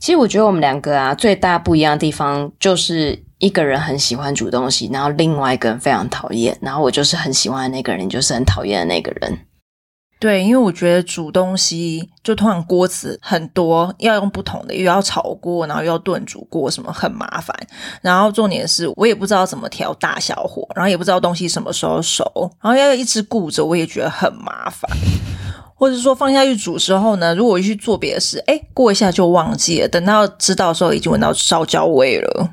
其實我覺得我們兩個啊，最大不一樣的地方就是一個人很喜歡煮東西，然後另外一個人非常討厭。然後我就是很喜歡的那個人，你就是很討厭的那個人。對，因為我覺得煮東西就通常鍋子很多，要用不同的，又要炒鍋，然後又要燉煮鍋，什麼很麻煩。然後重點是我也不知道怎麼調大小火，然後也不知道東西什麼時候熟，然後要一直顧着，我也覺得很麻煩。或者說放下去煮之後呢，如果去做別的事，哎，過一下就忘記了。等到知道的時候，已經聞到燒焦味了。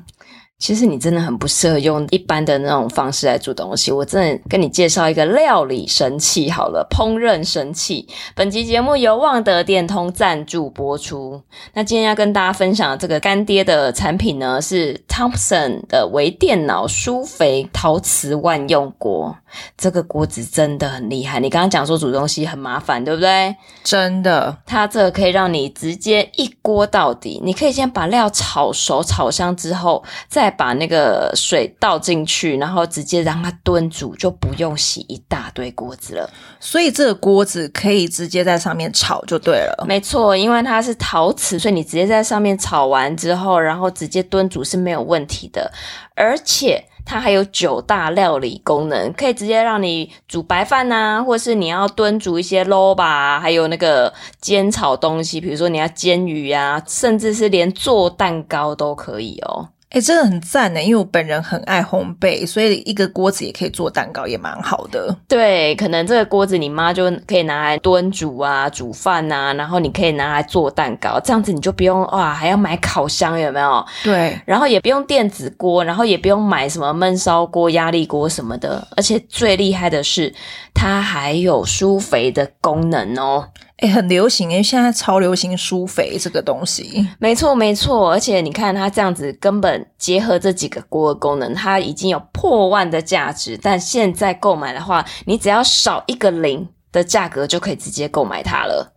其實你真的很不適合用一般的那種方式來煮東西。我真的跟你介紹一個料理神器好了，烹飪神器。本集節目由旺德電通贊助播出。那今天要跟大家分享這個乾爹的產品呢，是 Thomson 的微電腦舒肥陶瓷萬用鍋。這個鍋子真的很厲害。你剛剛講說煮東西很麻煩，對不對？真的，它這個可以讓你直接一鍋到底。你可以先把料炒熟、炒香之後，再把那個水倒進去，然後直接讓它燉煮，就不用洗一大堆鍋子了。所以這個鍋子可以直接在上面炒就對了。沒錯，因為它是陶瓷，所以你直接在上面炒完之後，然後直接燉煮是沒有問題的，而且，它還有九大料理功能，可以直接讓你煮白飯吶、啊，或是你要燉煮一些撈吧，還有那個煎炒東西，比如說你要煎魚啊，甚至是連做蛋糕都可以哦。哎、欸，真的很贊呢！因為我本人很愛烘焙，所以一個鍋子也可以做蛋糕，也蠻好的。對，可能這個鍋子你媽就可以拿來燉煮啊、煮飯啊，然後你可以拿來做蛋糕，這樣子你就不用哇還要買烤箱，有沒有？對，然後也不用電子鍋，然後也不用買什麼燜燒鍋、壓力鍋什麼的，而且最厲害的是，它還有舒肥的功能哦。哎，很流行哎，因為現在超流行舒肥這個東西。沒錯，沒錯，而且你看它這樣子，根本結合這幾個鍋的功能，它已經有破萬的價值。但現在購買的話，你只要少一個零的價格就可以直接購買它了。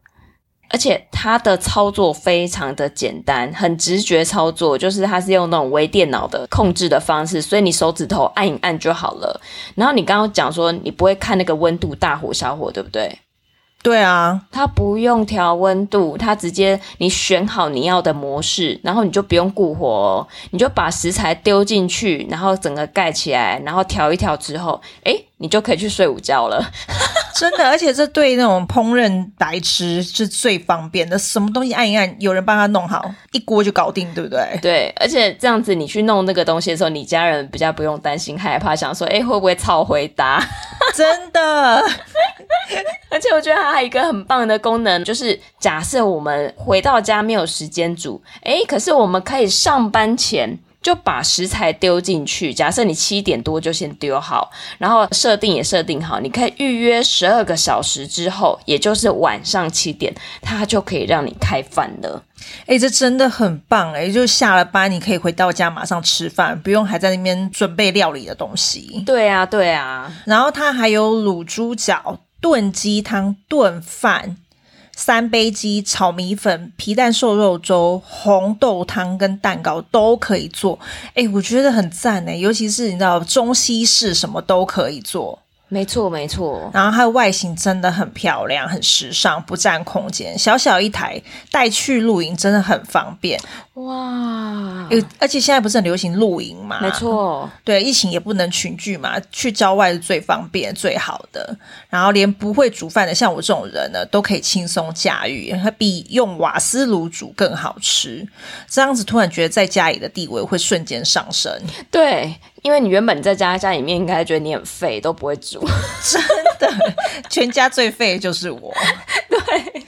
而且它的操作非常的簡單，很直覺操作，就是它是用那種微電腦的控制的方式，所以你手指頭按一按就好了。然後你剛剛講說你不會看那個溫度，大火小火，對不對？對啊，它不用調溫度，它直接你選好你要的模式，然後你就不用顧火哦，你就把食材丟進去，然後整個蓋起來，然後調一調之後，誒你就可以去睡午覺了，真的。而且這對那種烹飪白痴是最方便的，什麼東西按一按，有人幫他弄好，一鍋就搞定，對不對？對。而且這樣子，你去弄那個東西的時候，你家人比較不用擔心害，害怕，想說，誒會不會超回答，真的。 而且我覺得它還有一個很棒的功能，就是假設我們回到家沒有時間煮，誒，可是我們可以上班前。就把食材丟進去。假設你七點多就先丟好，然後設定也設定好，你可以預約十二個小時之後，也就是晚上七點，它就可以讓你開飯了。哎、欸，這真的很棒哎、欸！就下了班，你可以回到家馬上吃飯，不用還在那邊準備料理的東西。對啊，對啊。然後它還有滷豬腳、燉雞湯、燉飯。三杯雞、炒米粉、皮蛋瘦肉粥、紅豆湯跟蛋糕都可以做，哎，我覺得很讚哎、欸，尤其是你知道中西式什麼都可以做，沒錯沒錯。沒錯，然後它的外形真的很漂亮，很時尚，不占空間，小小一台，帶去露營真的很方便。哇！而且現在不是很流行露營嘛？沒錯，對，疫情也不能群聚嘛，去郊外是最方便、最好的。然後連不會煮飯的像我這種人呢，都可以輕鬆駕馭，它比用瓦斯爐煮更好吃。這樣子突然覺得在家裡的地位會瞬間上升。對，因為你原本在家家裡面應該覺得你很廢，都不會煮， 真的，全家最廢的就是我。對。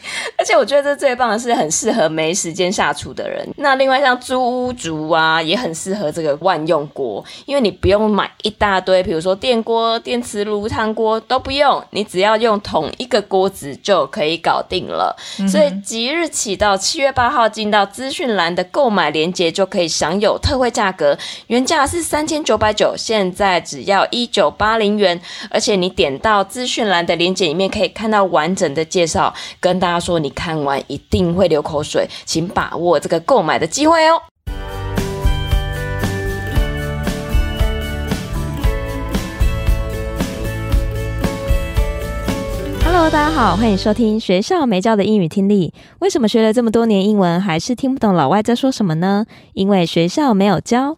而且我覺得這最棒的是很適合沒時間下廚的人。那另外像租屋族啊，也很適合這個萬用鍋，因為你不用買一大堆，比如說電鍋、電磁爐、湯鍋都不用，你只要用同一個鍋子就可以搞定了。嗯、哼所以即日起到七月八號，進到資訊欄的購買鏈接就可以享有特惠價格，原價是三千九百九，現在只要一九八零元。而且你點到資訊欄的鏈接裡面，可以看到完整的介紹，跟大家說你。看完一定會流口水，請把握這個購買的機會哦。Hello，大家好，歡迎收聽學校沒教的英語聽力。為什麼學了這麼多年英文，還是聽不懂老外在說什麼呢？因為學校沒有教。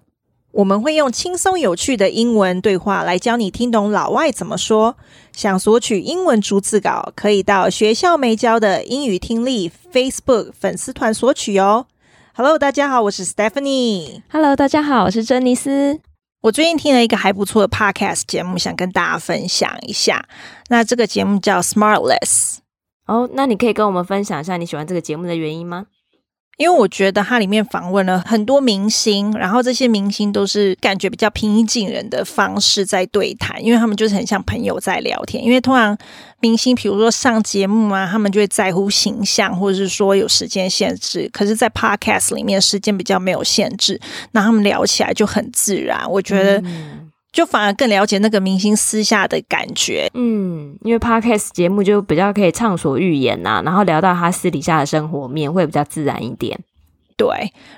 我們會用輕鬆有趣的英文對話來教你聽懂老外怎麼說。想索取英文逐字稿，可以到學校沒教的英語聽力 Facebook 粉絲團索取哦。Hello，大家好，我是 Stephanie。Hello，大家好，我是珍妮絲。我最近聽了一個還不錯的 Podcast 節目，想跟大家分享一下。那這個節目叫 Smartless。哦，oh, 那你可以跟我們分享一下你喜歡這個節目的原因嗎？因為我覺得它裡面訪問了很多明星，然後這些明星都是感覺比較平易近人的方式在對談，因為他們就是很像朋友在聊天。因為通常明星，比如說上節目啊，他們就會在乎形象，或者是說有時間限制。可是，在 podcast 裡面，時間比較沒有限制，那他們聊起來就很自然，我覺得。就反而更了解那個明星私下的感覺，嗯，因為 podcast 節目就比較可以暢所欲言吶、啊，然後聊到他私底下的生活面會比較自然一點。對，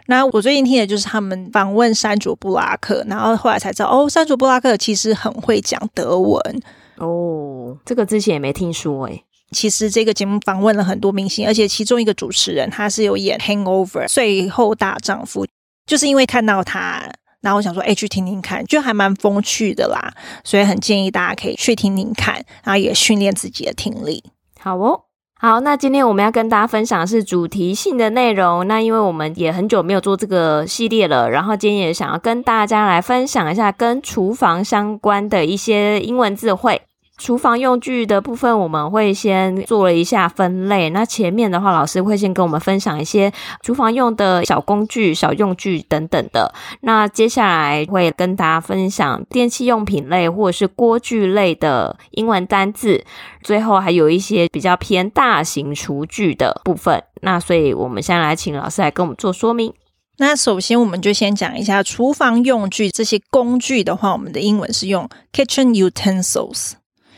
那我最近聽的就是他們訪問珊卓布拉克，然後後來才知道哦，珊卓布拉克其實很會講德文哦，這個之前也沒聽說哎。其實這個節目訪問了很多明星，而且其中一個主持人他是有演《Hangover》最後大丈夫，就是因為看到他。然後我想說，哎，去聽聽看，就還蠻風趣的啦，所以很建議大家可以去聽聽看，然後也訓練自己的聽力。好哦，好，那今天我們要跟大家分享的是主題性的內容。那因為我們也很久沒有做這個系列了，然後今天也想要跟大家來分享一下跟廚房相關的一些英文字彙。廚房用具的部分，我們會先做了一下分類。那前面的話，老師會先跟我們分享一些廚房用的小工具、小用具等等的。那接下來會跟大家分享電器用品類或者是鍋具類的英文單字。最後還有一些比較偏大型廚具的部分。那所以我們先來請老師來跟我們做說明。那首先，我們就先講一下廚房用具這些工具的話，我們的英文是用 kitchen utensils。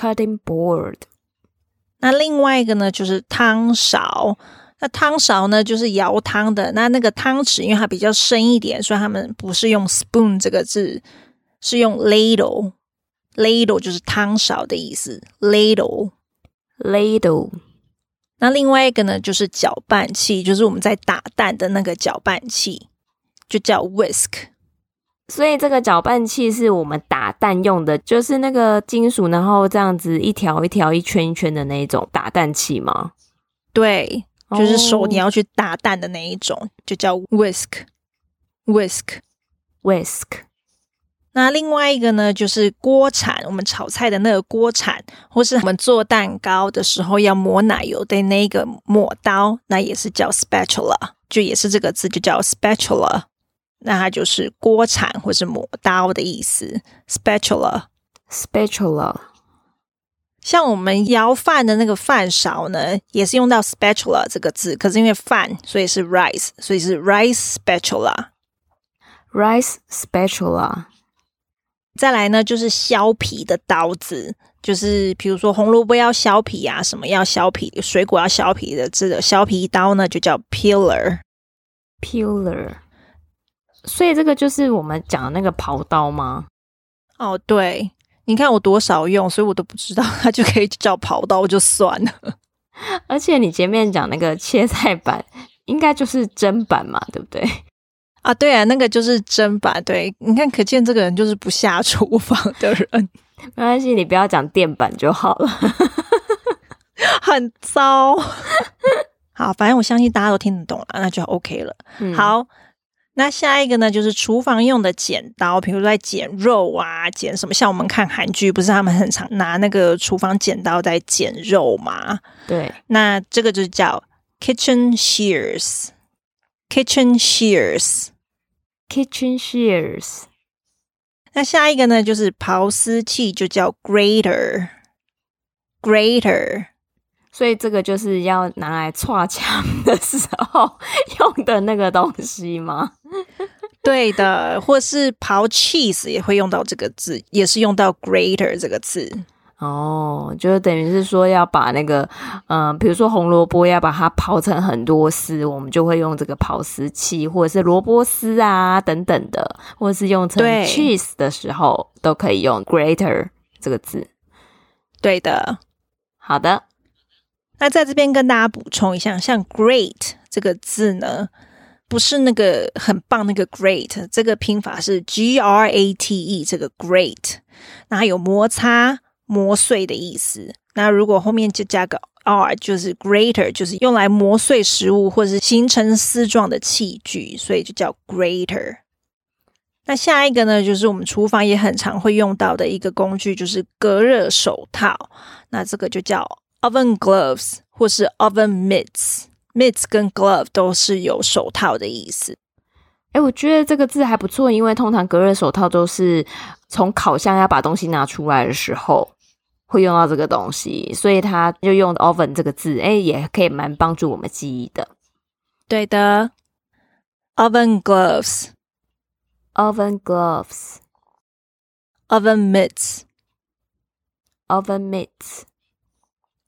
Cutting board，那另外一個呢就是湯勺，那湯勺呢就是舀湯的。那那個湯匙，因為它比較深一點，所以他們不是用 spoon 這個字，是用 ladle，ladle 就是湯勺的意思。ladle，ladle。Ladle。那另外一個呢就是攪拌器，就是我們在打蛋的那個攪拌器，就叫 whisk。所以這個攪拌器是我們打蛋用的，就是那個金屬，然後這樣子一條一條、一圈一圈的那種打蛋器嗎？對，就是手你要去打蛋的那一種，oh, 就叫 whisk，whisk，whisk。Whisk。那另外一個呢，就是鍋鏟，我們炒菜的那個鍋鏟，或是我們做蛋糕的時候要抹奶油的那個抹刀，那也是叫 spatula，就也是這個字，就叫 spatula。那它就是鍋鏟或是抹刀的意思，spatula，spatula。Spatula Sp，像我們舀飯的那個飯勺呢，也是用到 spatula 這個字，可是因為飯，所以是 rice，所以是 rice spatula，rice spatula。Rice spatula，再來呢，就是削皮的刀子，就是比如說紅蘿蔔要削皮啊，什麼要削皮，水果要削皮的這個削皮刀呢，就叫 peeler，peeler。所以這個就是我們講的那個刨刀嗎？哦，對，你看我多少用，所以我都不知道它就可以叫刨刀就算了。而且你前面講那個切菜板，應該就是砧板嘛，對不對？啊，對啊，那個就是砧板。對你看，可見這個人就是不下廚房的人。沒關係，你不要講墊板就好了，很糟。 好，反正我相信大家都聽得懂了，那就 OK 了。嗯、好。那下一個呢，就是廚房用的剪刀，譬如在剪肉啊，剪什麼？像我們看韓劇，不是他們很常拿那個廚房剪刀在剪肉嗎？對，那這個就叫 kitchen shears，kitchen shears，kitchen shears。那下一個呢，就是刨絲器，就叫 grater，grater。所以這個就是要拿來擦牆的時候用的那個東西嗎？對的，或是刨 cheese 也會用到這個字，也是用到 grater 這個字。哦，就是等於是說要把那個，嗯、呃，比如說紅蘿蔔要把它刨成很多絲，我們就會用這個刨絲器，或者是蘿蔔絲啊等等的，或是用成 cheese 的時候，對都可以用 grater 這個字。對的，好的。那在這邊跟大家補充一下，像 “grate” 這個字呢，不是那個很棒那個 “great”，這個拼法是 “g r a t e” 這個 “grate”，那還有摩擦磨碎的意思。那如果後面就加個 “r”，就是 “grater”，就是用來磨碎食物或者是形成絲狀的器具，所以就叫 “grater”。那下一個呢，就是我們廚房也很常會用到的一個工具，就是隔熱手套。那這個就叫。oven gloves，或是 oven mitts，mitts 跟 glove 都是有手套的意思。哎、欸，我覺得這個字還不錯，因為通常隔熱手套都是從烤箱要把東西拿出來的時候會用到這個東西，所以他就用的 oven 這個字，哎、欸，也可以蠻幫助我們記憶的。對的，oven gloves，oven gloves，oven mitts，oven mitts。ven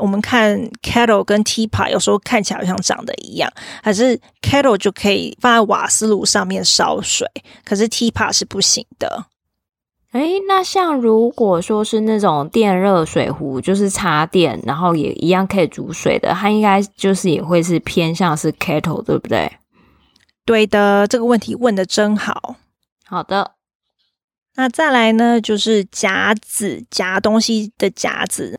我們看 kettle 跟 teapot 有時候看起來好像長得一樣，還是 kettle 就可以放在瓦斯爐上面燒水，可是 teapot 是不行的。誒，那像如果說是那種電熱水壺，就是插電，然後也一樣可以煮水的，它應該就是也會是偏向是 kettle，對不對？對的，這個問題問得真好。好的，那再來呢，就是夾子，夾東西的夾子。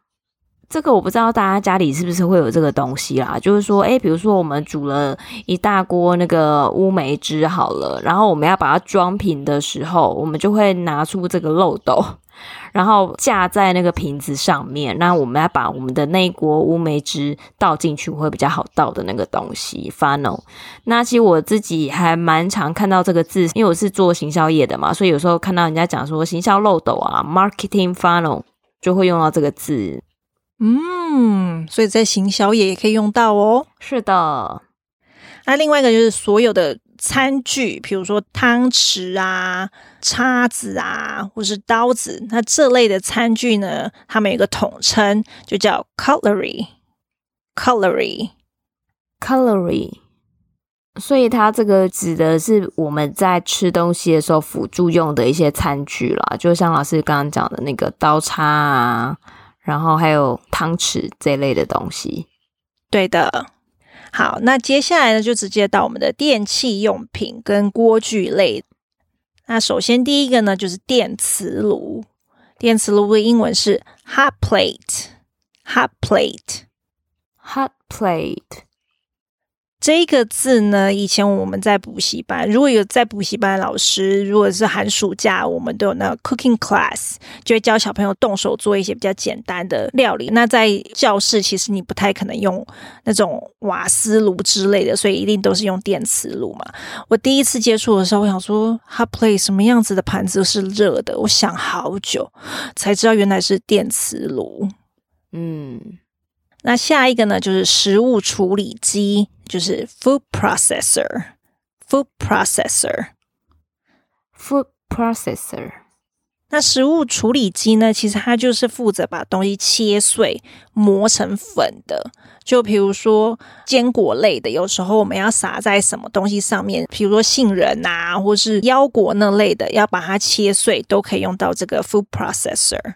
這個我不知道大家家裡是不是會有這個東西啦？就是說，誒，比如說我們煮了一大鍋那個烏梅汁好了，然後我們要把它裝瓶的時候，我們就會拿出這個漏斗，然後架在那個瓶子上面。那我們要把我們的那一鍋烏梅汁倒進去，會比較好倒的那個東西。funnel。那其實我自己還蠻常看到這個字，因為我是做行銷業的嘛，所以有時候看到人家講說行銷漏斗啊，marketing funnel，就會用到這個字。嗯，所以在行宵夜也可以用到哦。是的，那另外一個就是所有的餐具，比如說湯匙啊、叉子啊，或是刀子，那這類的餐具呢，它們有個統稱，就叫 cutlery，cutlery，cutlery。所以它這個指的是我們在吃東西的時候輔助用的一些餐具啦，就像老師剛剛講的那個刀叉啊。然後還有湯匙這一類的東西，對的。好，那接下來呢，就直接到我們的電器用品跟鍋具類。那首先第一個呢，就是電磁爐。電磁爐的英文是 hot plate，hot plate，hot plate。Hot plate. 這個字呢，以前我們在補習班，如果有在補習班的老師，如果是寒暑假，我們都有那 cooking class，就會教小朋友動手做一些比較簡單的料理。那在教室，其實你不太可能用那種瓦斯爐之類的，所以一定都是用電磁爐嘛。我第一次接觸的時候，我想說，hot plate 什麼樣子的盤子是熱的？我想好久才知道，原來是電磁爐。嗯。那下一個呢，就是食物處理機，就是 food processor，food processor，food processor。Processor 那食物處理機呢，其實它就是負責把東西切碎、磨成粉的。就比如說堅果類的，有時候我們要撒在什麼東西上面，譬如說杏仁啊，或是腰果那類的，要把它切碎，都可以用到這個 food processor。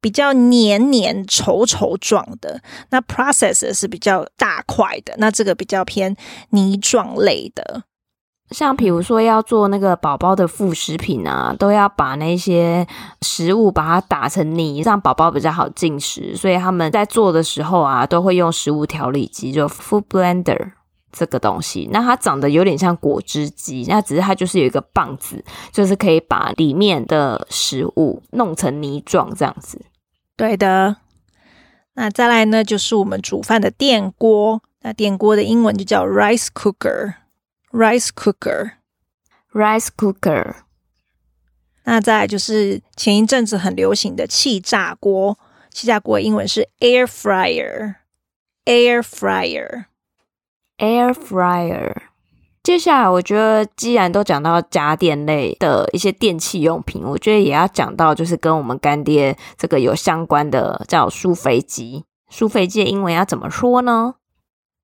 比較黏黏稠稠狀的，那 processor 是比較大塊的，那這個比較偏泥狀類的。像比如說要做那個寶寶的副食品啊，都要把那些食物把它打成泥，讓寶寶比較好進食。所以他們在做的時候啊，都會用食物調理機，就 food blender。這個東西，那它長得有點像果汁機，那只是它就是有一個棒子，就是可以把裡面的食物弄成泥狀這樣子。對的。那再來呢，就是我們煮飯的電鍋，那電鍋的英文就叫 rice cooker，rice cooker，rice cooker。Rice cooker。那再來就是前一陣子很流行的氣炸鍋，氣炸鍋英文是 air fryer，air fryer。Air fryer，接下來我覺得既然都講到家電類的一些電器用品，我覺得也要講到就是跟我們乾爹這個有相關的叫舒肥機。舒肥機的英文要怎麼說呢？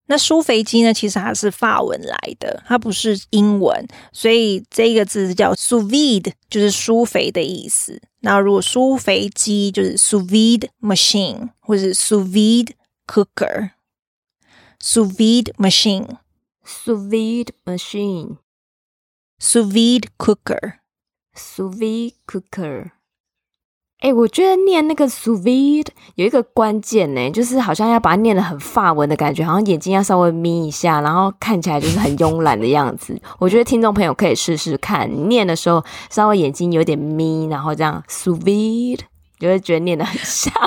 那舒肥機呢，其實它是法文來的，它不是英文，所以這個字叫 sous vide 就是舒肥的意思。那如果舒肥機就是 sous vide machine，或者是 sous vide cooker。s, sous-vide machine, sous-vide machine, s, sous-vide cooker, sous-vide cooker、欸。哎，我覺得念那個 sous-vide 有一個關鍵呢、欸，就是好像要把它念得很法文的感覺，好像眼睛要稍微眯一下，然後看起來就是很慵懶的樣子。 我覺得聽眾朋友可以試試看，念的時候稍微眼睛有點眯，然後這樣 sous-vide 就會覺得念得很像。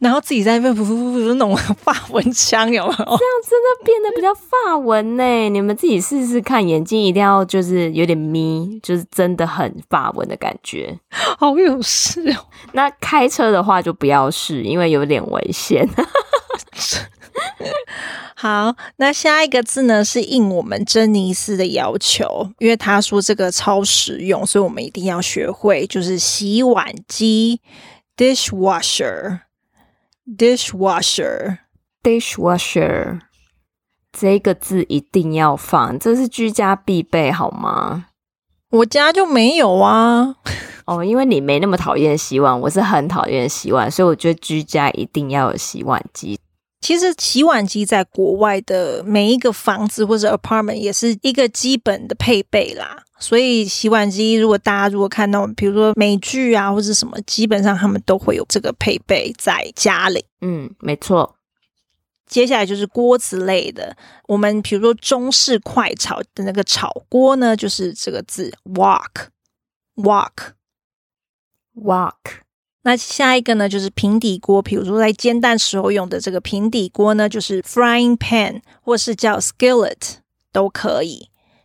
然後自己在那邊噗噗噗噗弄法文腔，有沒有？這樣真的變得比較法文呢？你們自己試試看，眼睛一定要就是有點眯，就是真的很法文的感覺。好有事哦。那開車的話就不要試，因為有點危險。 好，那下一個字呢是應我們珍妮絲的要求，因為她說這個超實用，所以我們一定要學會，就是洗碗機 dishwasher。Dish dishwasher，dishwasher，這個字一定要放，這是居家必備，好嗎？我家就沒有啊。 哦，因為你沒那麼討厭洗碗，我是很討厭洗碗，所以我覺得居家一定要有洗碗機。其實洗碗機在國外的每一個房子或者 apartment 也是一個基本的配備啦。所以洗碗機，如果大家如果看到，比如說美劇啊，或是什麼，基本上他們都會有這個配備在家裡。嗯，沒錯。接下來就是鍋子類的，我們比如說中式快炒的那個炒鍋呢，就是這個字，wok，wok，wok。那下一個呢，就是平底鍋，比如說在煎蛋時候用的這個平底鍋呢，就是 frying pan 或是叫 skillet 都可以。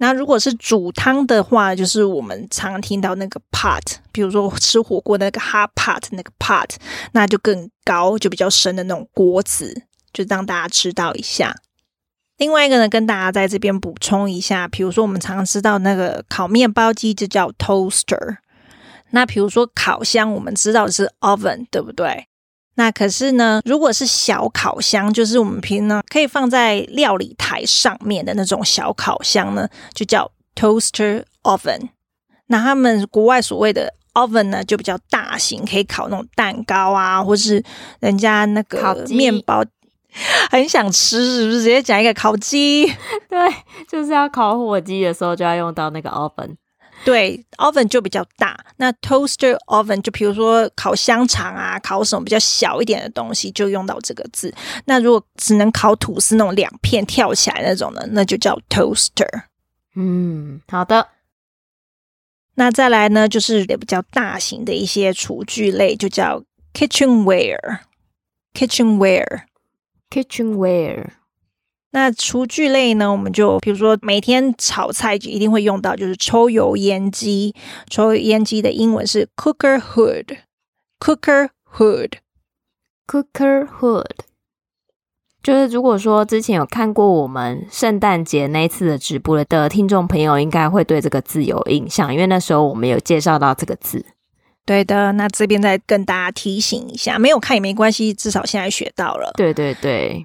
那如果是煮湯的話，就是我們常聽到那個 pot，比如說吃火鍋的那個 hot pot 那個 pot，那就更高，就比較深的那種鍋子，就讓大家知道一下。另外一個呢，跟大家在這邊補充一下，比如說我們常知道那個烤麵包機就叫 toaster，那比如說烤箱，我們知道的是 oven，對不對？那可是呢，如果是小烤箱，就是我們平常呢可以放在料理台上面的那種小烤箱呢，就叫 toaster oven。那他們國外所謂的 oven 呢，就比較大型，可以烤那種蛋糕啊，或是人家那個麵包。烤雞 很想吃是不是？直接講一個烤雞。對，就是要烤火雞的時候就要用到那個 oven。對，oven 就比較大。那 toaster oven 就比如說烤香腸啊，烤什麼比較小一點的東西，就用到這個字。那如果只能烤吐司那種兩片跳起來那種的，那就叫 toaster。嗯，好的。那再來呢，就是比較大型的一些廚具類，就叫 kitchenware，kitchenware，kitchenware。Kitchen 那廚具類呢？我們就比如說每天炒菜就一定會用到，就是抽油煙機。抽油煙機的英文是 cooker hood，cooker hood，cooker hood。就是如果說之前有看過我們聖誕節那一次的直播的聽眾朋友，應該會對這個字有印象，因為那時候我們有介紹到這個字。對的，那這邊再跟大家提醒一下，沒有看也沒關係，至少現在學到了。對對對。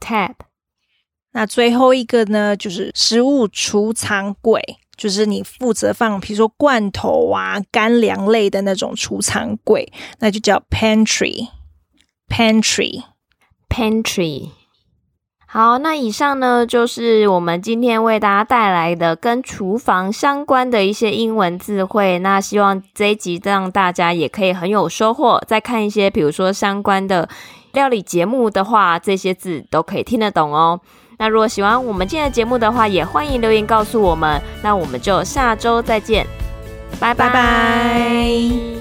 Tap，那最後一個呢，就是食物儲藏櫃，就是你負責放，比如說罐頭啊、乾糧類的那種儲藏櫃，那就叫 pantry，pantry，pantry。好，那以上呢就是我們今天為大家帶來的跟廚房相關的一些英文字彙。那希望這一集讓大家也可以很有收穫。再看一些，比如說相關的。料理節目的話，這些字都可以聽得懂哦。那如果喜歡我們今天的節目的話，也歡迎留言告訴我們。那我們就下周再見，拜拜拜。Bye bye